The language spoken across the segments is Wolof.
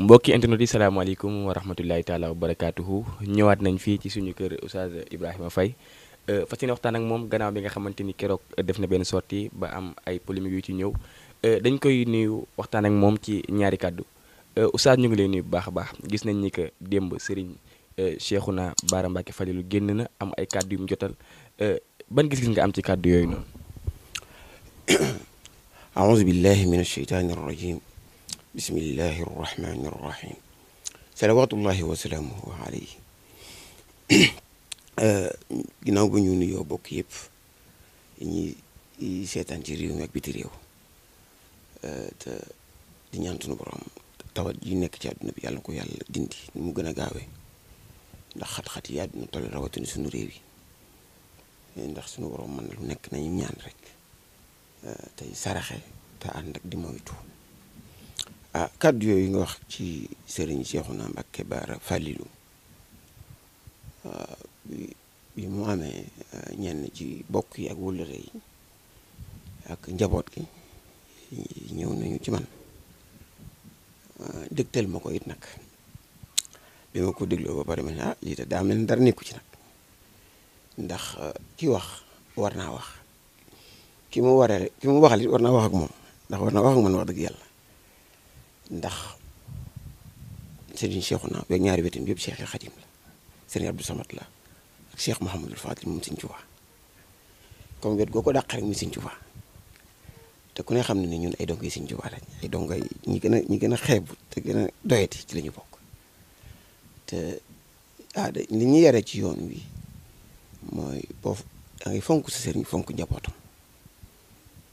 mbokki internet yi salaamaaleykum wa rahmatullahi taala wa barakaatuhu ñëwaat nañ fii ci suñu kër Oustaz fay fa euh, fas ne waxtaan ak moom gannaaw bi nga xamante ni keroog def na benn sortie ba am ay polémique yu ci ñëw euh, dañ koy nuyu waxtaan ak moom ci ñaari kàddu euh, Oustaz ñu ngi lay nuyu bu baax a baax gis nañ ni que démb Serigne Cheikhouna Bara Mbacké Falilou génn na am ay kàddu yu jotal ban gis-gis nga am ci kàddu yooyu noonu. a'uuzu billahi mina shaytaani bismillahi irrahmani irrahim salawatullahi wasalaamuhu alayhi euh, ginnaaw ba ñu nuyoo bokk yëpp ñi seetaan ci réew mi ak biti réew euh, te di ñaan sunu borom tawat yi nekk ci àdduna bi yàlla ko yàlla dindi ni mu gën a gaawee ndax xat-xat yi àdduna toll rawatina sunu réew yi ndax sunu borom mën na lu nekk nañu ñaan rek euh, tey saraxe te ànd ak di moytu a ah, kàddu yooyu nga wax ci sëriñ Cheikhouna Mbacké Bara Fallilou ah, bi mu amee ah, ñenn ci bokk yi ak wëllëre yi ak njaboot gi ñëw nañu ci man dégtal ma ko it nag bi ma ko dégloo ba pare ma ne ah lii de daa mel ni nekku ci nag ndax ki wax war naa wax ki mu waree ki mu waxal it war naa wax ak moom ndax war naa wax ak man wax dëgg yàlla ndax Serigne Cheikhouna beeg ñaari wetam yëpp Cheikh Khadim la Serigne Abdou Samad la ak Cheikh Mouhamadul Fadil moom Serigne Touba comme wet goo ko dàq mi mu Serigne te ku ne xam ne ni ñun ay dong yi Serigne Touba lañ ay donk ay ñi gën a ñi gën a xeebu te gën a doyati ci la ñu bokk te aada ah, li ñu yare ci yoon wi mooy boo da ngi fonk si Serigne fonk njabootam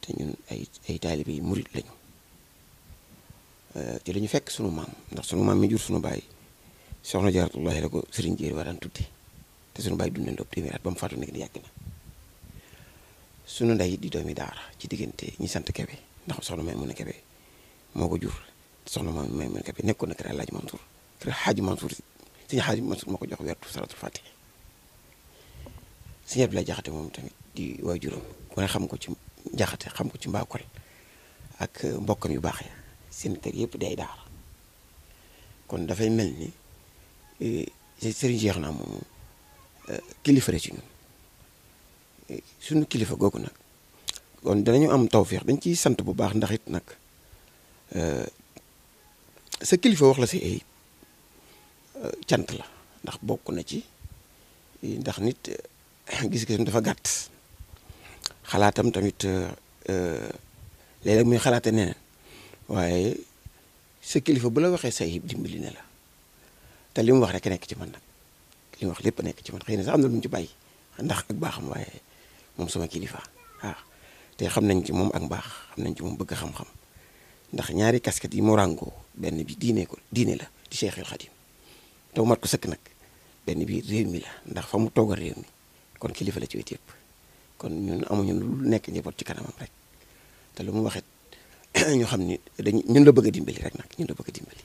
te ñun ay ay taalibe yi murit lañu. Euh, ci la ñu fekk sunu maam ndax sunu maam mi jur sunu baay soxna jaaratullahi la ko sëriñ jéeri waraan tudde te sunu baay dund na ëpp téeméer at ba mu faatu nekk di yàgg na sunu ndey di doomi daara ci diggante ñi sant kebe ndax soxna may mun a kebe moo ko jur soxna maam may mun a kebe nekkoon na kër alaaji Mansour kër xaaji Mansour sëñ xaaji Mansour moo ko jox wertu salatul fatiha sëñ Abdoulaye jaxate moom tamit di waajuram ku ne xam ko ci jaxate xam ko ci mbaakol ak euh, mbokkam yu baax seen kër yëpp day daara kon dafay mel ni sëriñ jeex naa moom eh, kilifa la ci ñun eh, suñu kilifa googu nag kon danañu am tawféex dañ ciy sant bu baax ndax it nag eh, sa kilifa wax la si ay cant la ndax bokk na ci ndax nit gis-gisam dafa gàtt xalaatam tamit léeg muy xalaate neneen waaye sa kilifa bu la waxee sa ayib dimbali na la te li mu wax rekk nekk ci man nag li mu wax lépp a nekk ci man xëy na sax am na lu ci bàyyi ndax ak baaxam waaye moom sama kilifa te xam nañ ci moom ak baax xam nañ ci moom bëgg xam-xam ndax ñaari casquette yi mu ràngoo benn bi diine ko diine la di Cheikhul Khadim te mat nag benn bi réew mi la ndax mu toogal réew mi kon kilifa la ci wet kon ñun amuñu nekk njaboot ci kanamam rek te lu mu waxit ñu xam ni dañ ñun la bëgg a dimbali rek nag ñun la bëgg a dimbali.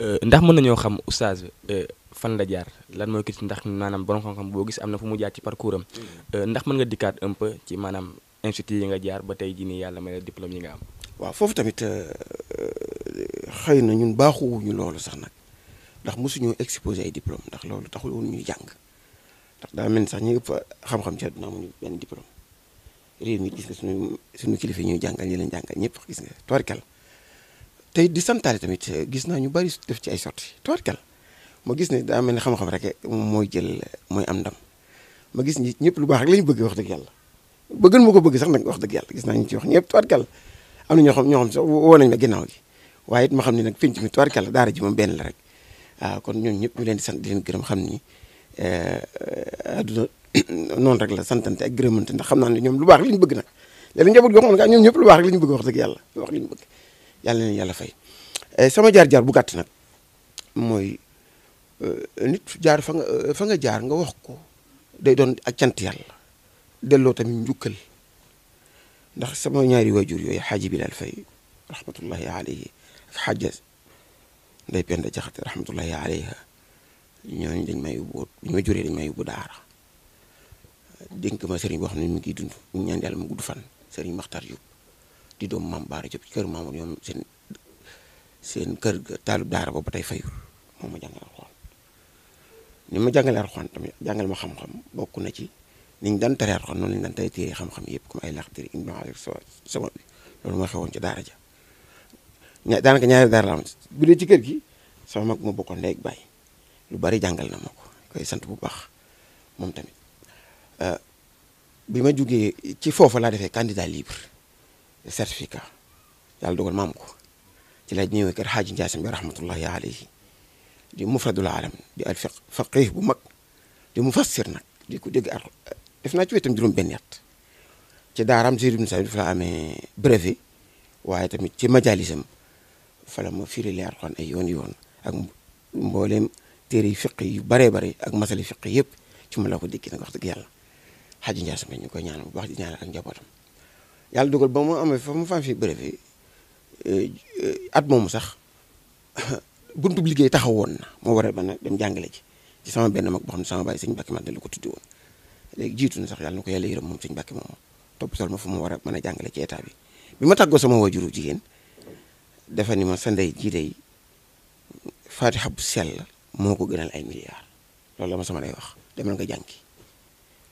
Euh, ndax mën nañoo xam oustaz euh, fan la jaar lan mooy kii ndax maanaam borom xam boo gis am na fu mu jaar ci parcours am mm. euh, ndax mën nga dikkaat un ci maanaam institut yi nga jaar ba tey jii nii yàlla may la diplôme yi nga am. waaw foofu tamit xëy na ñun baaxuwuñu loolu sax nag ndax mosuñoo exposé ay diplôme ndax loolu taxul woon ñuy jàng ndax daa mel ni sax ñu ëpp xam-xam ci àdduna amuñu benn diplôme. réew mi gis nga suñu suñu kilifa ñuy jàngal ñi leen jàngal ñëpp gis nga tubarkal tey di santaale tamit gis naa ñu bari def ci ay sorti tubarkal ma gis ne daa mel ne xam-xam rek mooy jël mooy am ndam ma gis ñi ñëpp lu baax rek la bëgg wax dëgg yàlla bëggan ma ko bëgg sax nag wax dëgg yàlla gis naa ci wax ñëpp tubarkal am na ñoo xam ñoo xam sax ginnaaw gi waaye it ma xam ne nag penc mi tubarkal daara ji moom benn la rek kon ñëpp ñu leen di sant di leen gërëm xam ni eh, eh, noonu rek la santante ak gërëmante ndax xam naa ne ñoom lu baax li ñu bëgg nag léegi njaboot gi waxoon nga ñoom ñëpp lu baax rek li ñu bëgg wax dëgg yàlla wax li eh, sama jaar-jaar bu gàtt nag mooy eh, nit jaar fa nga eh, fa nga jaar nga wax ko day doon ak cant yàlla delloo tamit njukkal ndax sama ñaari jur yooyu xaaji Bilal Fay rahmatullahi alayhi ak xaaja Ndey Penda Jaxate rahmatullahi alayha ñooñu dañ may yóbbu bu ñu ma juree dañ may yóbbu daara dénk ma sëriñ boo xam ne mi ngi dund ñu ñaan yàlla mu gudd fan sëriñ Maxtar Jóob di doom mam Baara Jóob kër Maamor ñoom seen seen kër taalib daara boobu ba tey fayul moom ma jàngal alxuraan ni ma jàngalee alxuraan tamit jàngal ma xam-xam bokk na ci ni ñu daan taree alxuraan noonu lañu daan tay téere xam yëpp comme ay laxtiri ibnu Xajar sama bi loolu ma xewoon ci daara ja ña daanaka ñaari daara la am bu ci kër gi sama mag ma bokkoon ndey ak lu bari jàngal na ma ko koy sant bu baax moom tamit Euh, bi ma jugee ci foofu laa defee candidat libre certificat yàlla dogal ma am ko ci la ñëwee kër xaaji Njaay Samb bi rahmatullahi alayhi di mufradul alam di al faqih bu mag di mufassir nag di ko dégg ar def ci wetam juróom benn at amee brevet waaye tamit ci majalisam fa la ma firi leer ay yoon yoon ak mbooleem téere fiq yu baree bare ak masali fiq yëpp ci ma la ko dégg nag wax dëgg yàlla xaji Ndiaye sama ñu koy ñaanal bu baax di ñaanal ak njabootam yàlla dugal ba mu amee fa mu faa fi bëre fi eh, at moomu sax buntu liggéey taxawoon na moo waral ba nag dem jàngale ji ci sama benn mag boo xam ne sama bàyyi sëñ Bakki man la ko tuddi woon jiitu na sax yàlla na ko yàlla yërëm moom sëñ Bakki moom topp sol ma fu mu war a mën a jàngale ci bi bi ma tàggoo sama waajuru jigéen dafa ni ma sa ndey ji day fatiha bu sell moo ko gënal ay milliards loolu la ma sama lay wax demal nga jàngi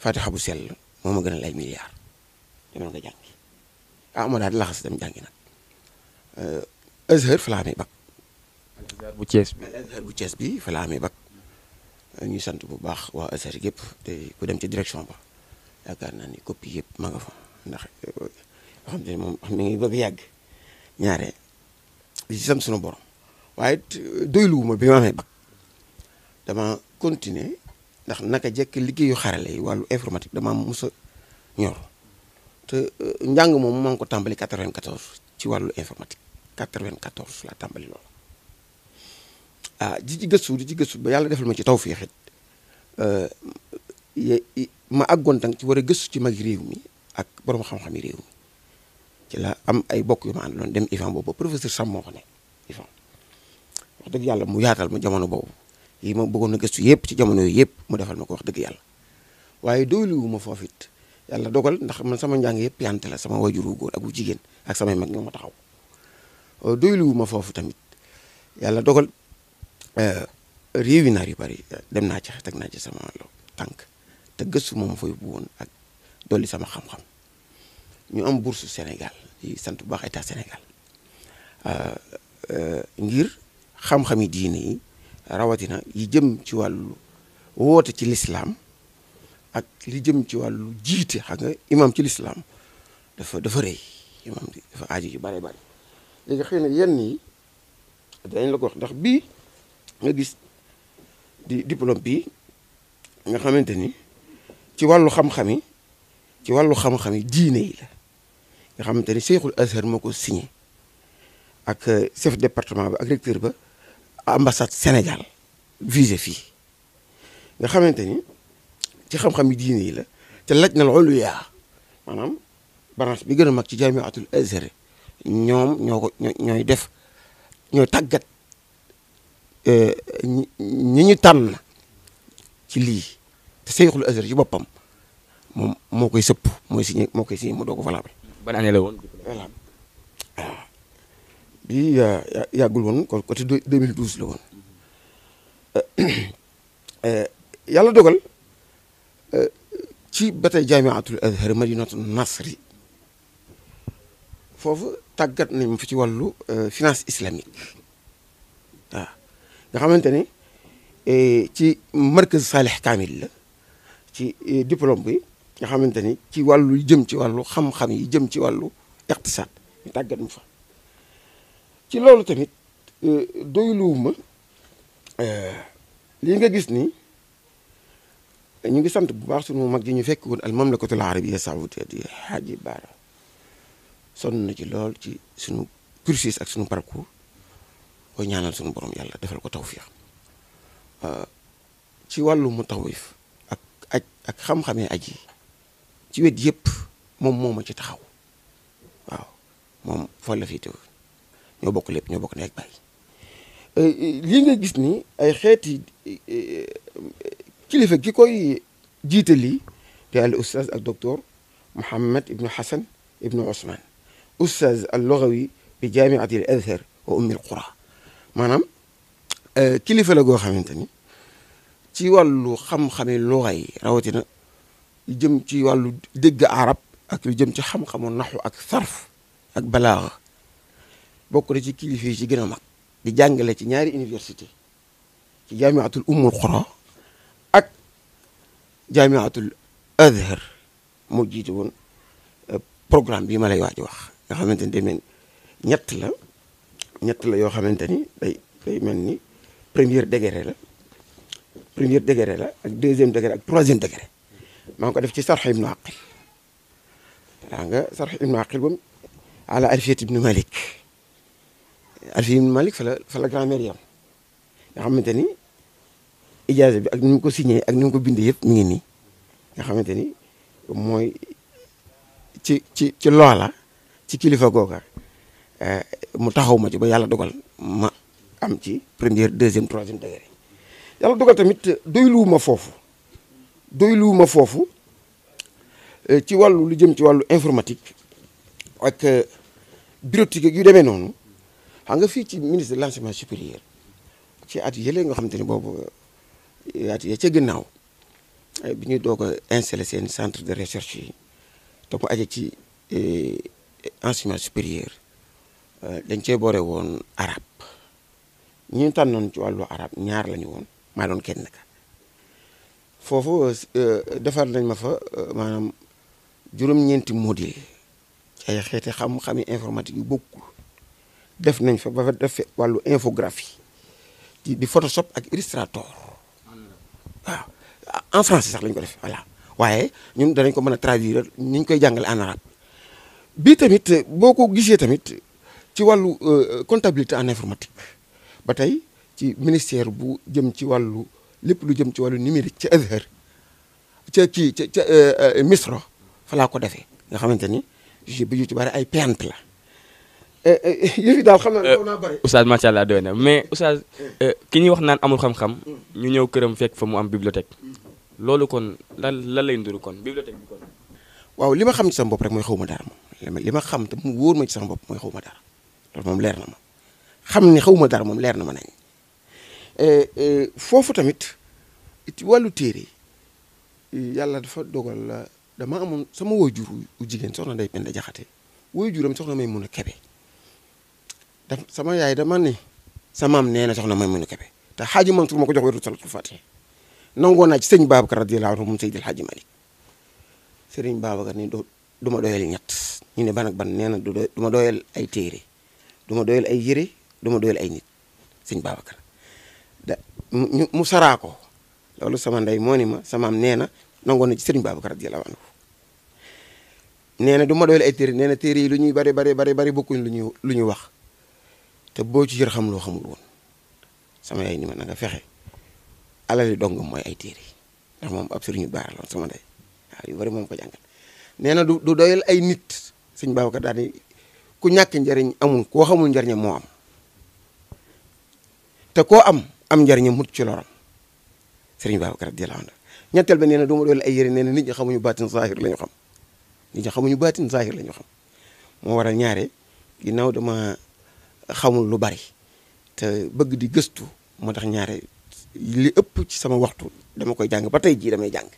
fatiha bu sell moo ma gënal ay milliards demal nga jàngi ah ma daal laxas dem jàngi nag euh, Azhar fa laa amee bac. Azhar bu Cees bi Azhar bu Cees bi fa sant bu baax waa Azhar yëpp te ku dem ci direction ba yaakaar naa ni copie yëpp ma nga fa ndax yoo moom mi ngi bëgg yàgg ñaare di sant sunu borom waaye it doyluwuma bi ma amee bac dama continuer. ndax naka jekk liggéeyu xarale yi wàllu informatique dama mos a ñor te euh, njàng moom maa ngi ko tàmbali 94 ci wàllu informatique 94 la tàmbali loolu ah di ci gëstu di ci gëstu ba yàlla defal ma ci tawfeex it euh, ma àggoon tang ci war a gëstu ci mag réew mi ak borom xam-xam yi réew mi ci la am ay bokk yu ma àndaloon dem IFAN boobu professeur Sam ne IFAN dëgg yàlla mu yaatal mu jamono boobu. yi ma bëggoon a gëstu yëpp ci jamono yooyu yëpp mu defal ma ko wax dëgg yàlla waaye doyluwu ma foofu it yàlla dogal ndax man sama njàng yëpp yante la sama wajuru góor ak wu jigéen ak samay mag ñoo ma taxaw euh, doyluwu ma foofu tamit yàlla dogal euh, réewi naar yu bari euh, dem naa ci teg naa ci sama tànk te gëstu moom fa yóbbu woon ak dolli sama xam-xam ñu am bourse senegal di sant bu baax état senegal ngir xam-xami diine yi rawatina yi jëm ci wàllu woote ci lislaam ak li jëm ci wàllu jiite xam nga imam ci lislaam dafa dafa rëy imam dafa aaju yu bare bare léegi xëy na yenn yi dañ la ko wax ndax bii nga gis di diplôme bii nga xamante ni ci wàllu xam-xam yi ci wàllu xam-xam yi diine la nga xamante ni Cheikhul Azhar moko ko signé ak euh, chef département ba agrecteur ba ambassade Sénégal visé fii nga xamante ni ci xam-xam yi diine yi la te laj na loolu yaa maanaam branche bi gën a mag ci jamiatul Azhar ñoom ñoo ko ñooy def ñooy tàggat euh, ñi ñu tànn ci lii te Seyxul Azhar ci boppam moom moo koy sëpp mooy signé moo koy si mu doo ko valable. ban année la bi yàggul woon kon côté 2012 la woon euh, euh, yàlla dogal euh, ci ba tey jaamiatul azhar madinatu nasri foofu tàggat nañ ma fi ci wàllu finance islamique waaw nga xamante ni e, ci markaz saalih kaamil la ci e, diplôme bi nga xamante ni ci wàllu jëm ci wàllu xam-xam yi jëm ci wàllu iqtisaad ñu tàggat mu fa ci loolu tamit euh, doyluwuma euh, lii nga gis ni ñu ngi sant bu baax su sunu mag ji ñu fekk woon al mamlakatul arabiyya saoudiya Haji Baara sonn na ci lool ci suñu cursus ak sunu parcours koy ñaanal suñu boroom yàlla defal ko tawfiix euh, ci wàllu mu tawif ak ak xam-xamee aj yi ci wet yépp moom moo ma ci taxaw waaw moom fa la fi teew ñoo bokk lépp ñoo bokk nekk bay euh, euh, lii nga gis ni ay xeeti euh, kilifa gi koy jiite lii di al ustaz ak docteur Mouhamed ibnu Hassan ibnu Ousmane ustaz al lughawi bi jaamiati al azhar wa ummi al qura maanaam kilifa la goo xamante ni ci wàllu xam-xami luga yi rawatina jëm ci wàllu dégg arab ak lu jëm ci xam-xamu ak sarf ak balaaxa bokk na ci kilifa yi ci gën a mag di jàngale ci ñaari université ci jaamiatul ummul qura ak jaamiatul azhar moo jiite woon euh, programme bii ma lay waaj wax nga xamante ni demeen ñett la ñett la yoo xamante ni day day mel ni première degré la première degré la ak deuxième degré ak troisième degré maa ngi ko def ci sarx ibnu aqil daa nga sarx ibnu aqil bam ala alfiyat ibnu malik Alfayda Ibn Malik fa la grand-mère yam nga xamante ni ijaaza bi ak ni mu ko signé ak ni mu ko bindee yëpp mu ngi nii nga xamante ni mooy ci ci ci loola ci kilifa googa eh, mu taxaw ma ci ba yàlla dogal ma am ci première deuxième troisième degré yàlla dogal tamit ma foofu ma foofu eh, ci wàllu lu jëm ci wàllu informatique ak eh, bureautique yu demee noonu xam nga fii ci ministre de l'enseignement supérieur ci at yële nga xam te ne boobu at ya ca ginnaaw bi ñuy doog a installé seen centre de recherche yi te mu aje ci eh, enseignement supérieur euh, dañ cee boore woon arab ñi ñu tànnoon ci wàllu arab ñaar lañu woon maa doon kenn ka foofu euh, defar nañ ma fa euh, maanaam juróom-ñeenti module ci ay xeeti xam-xami informatique yu bokkul def nañ fa ba fa def wàllu infographie di di photoshop ak illustrator waaw en français sax lañ ko defee voilà waaye ñun danañ ko mën a traduire ni koy jàngale en bii tamit boo ko gisee tamit ci wàllu euh, comptabilité en informatique ba tey ci ministère bu jëm ci wàllu lépp lu jëm ci wàllu numérique ci Azhar ca kii ca ca euh, euh, Misra fa laa ko defee nga xamante ni ju bi yu ci bari ay pente la Eh, eh, eh, yëf daal xam naa xaw naa bëri. oustaz macha allah doy na mm. mais oustaz mm. ki ñuy wax naan amul xam-xam. ñu ñëw këram fekk fa mu am bibliothèque. Mm. loolu kon lan la lay nduru kon bibliothèque bi kon. waaw li ma xam ci sama bopp rek mooy xaw ma dara moom li ma xam te mu wóor ma ci sama bopp mooy xaw ma dara loolu moom leer na ma xam ni xaw ma dara moom leer na ma nañ foofu tamit ci wàllu téere yàlla dafa dogal dama amoon sama waajur wu jigéen soxna Ndeye Penda Jaxate waajuram soxna may mun a kebe. sama yaay dama ni sama maam nee na soxna may munu kebe te xaaji Mansour ma ko jox wéru salatul fatiha nangoo naa ci sëñ Babacar radiyallahu anhu moom Seydil Xaaji Malik ni doo du ma doyal ñett ñu ne ban ak ban nee na du ma doyal ay téere du ma ay yére du ma ay nit sëñ Babacar mu saraa loolu sama ndey moo ni ma sama nee na nangoo na ci sëriñ Babacar radiyallahu na du ma doyal ay téere na téere yi lu ñuy bari bari bari bari bokkuñ lu ñuy lu ñuy wax te boo ci jër xam loo xamul woon sama yaay ni ma na nga fexe alali dong mooy ay téere ndax moom ab sëriñu daara loon sama ndey waaw yu bari moom ko jàngal nee na du du doyal ay nit sëñ Babacar daal di ku ñàkk njariñ amul koo xamul njariñam moo am te koo am am njariñam mucc ci loram sëriñ Babacar radiyallahu anhu ñetteel ba nee na du ma ay yére nee na nit ñi xamuñu baatin zahir la ñu xam nit ñu xamuñu baatin zahir la ñu xam moo waral ñaare ginnaaw dama xamul lu bari te bëgg di gëstu moo tax ñaare li ëpp ci sama waxtu dama koy jàng ba tey jii damay jàng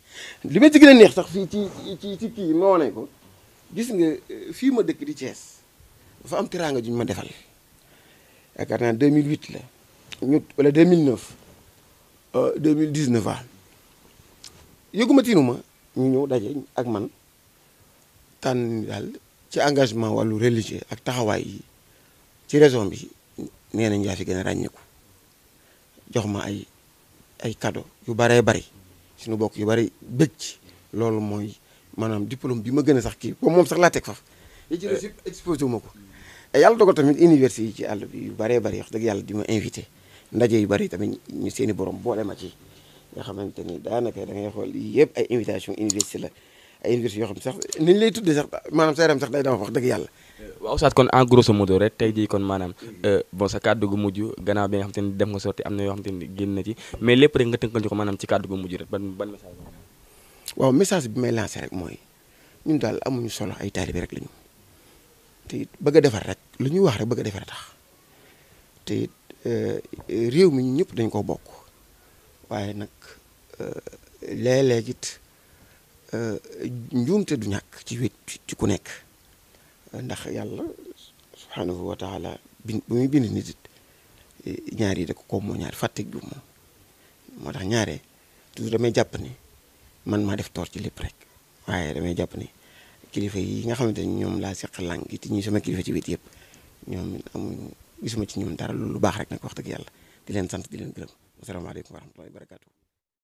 li ma ci gën neex sax fii ci ci ci kii ma wane ko gis nga euh, fii ma dëkk di Thiès dafa am teraanga ju ñu ma defal yaakaar naa 2008 la ñu wala 2009 2019 waaw yëguma tiinuma ñu ñëw daje ak man tànn daal ci engagement wàllu religieux ak taxawaay yi ci raison bi nee nañ yaa fi gën a ràññeeku jox ma ay ay cadeau yu baree bari suñu bokk yu bari bëgg ci loolu mooy maanaam diplôme bi ma gën a sax kii boobu moom sax laa teg fa yi ci des yëpp exposé wu ma ko yàlla dogal tamit université yi ci àll yu baree bari wax dëgg yàlla di ma invité ndaje yu bari tamit ñu seeni borom boole ma ci nga xamante ni daanaka da ngay xool yëpp ay invitation université la ay université yoo xam sax ni lay tuddee sax maanaam sa yaram sax day dama wax dëgg yàlla. waaw Oustaz kon en grosso modo rek tey jii kon maanaam euh, bon sa kàddu gu mujj gannaaw bi nga xam te ni def nga sorti am na yoo xam te ni génn na ci mais lépp rek nga tënkal ñu ko maanaam ci kàddu gu mujj rek ban ban message bi may lancé rek mooy ñun daal amuñu solo ay taalibe rek lañu te it bëgg a defar rek lu ñuy wax rek bëgg a defar tax te it euh, réew mi ñun ñëpp dañ koo bokk waaye nag euh, léeg-léeg it njuumte du ñàkk ci wet ci ku nekk ndax yàlla subhanahu wa taala bind bu bind nit ñaari ñaar yi da ko koom moo ñaar fàtte juum moom moo tax ñaare toujours damay jàpp ni man maa def toor ci lépp rek waaye damay jàpp ni kilifa yi nga xamante ni ñoom laa seq làng gi te ñuy sama kilifa ci wet yëpp ñoom amuñu gisuma ci ñoom dara lu baax rek nag wax dëgg yàlla di leen sant di leen gërëm asalaamaaleykum wa rahmatullahi wa barakatuh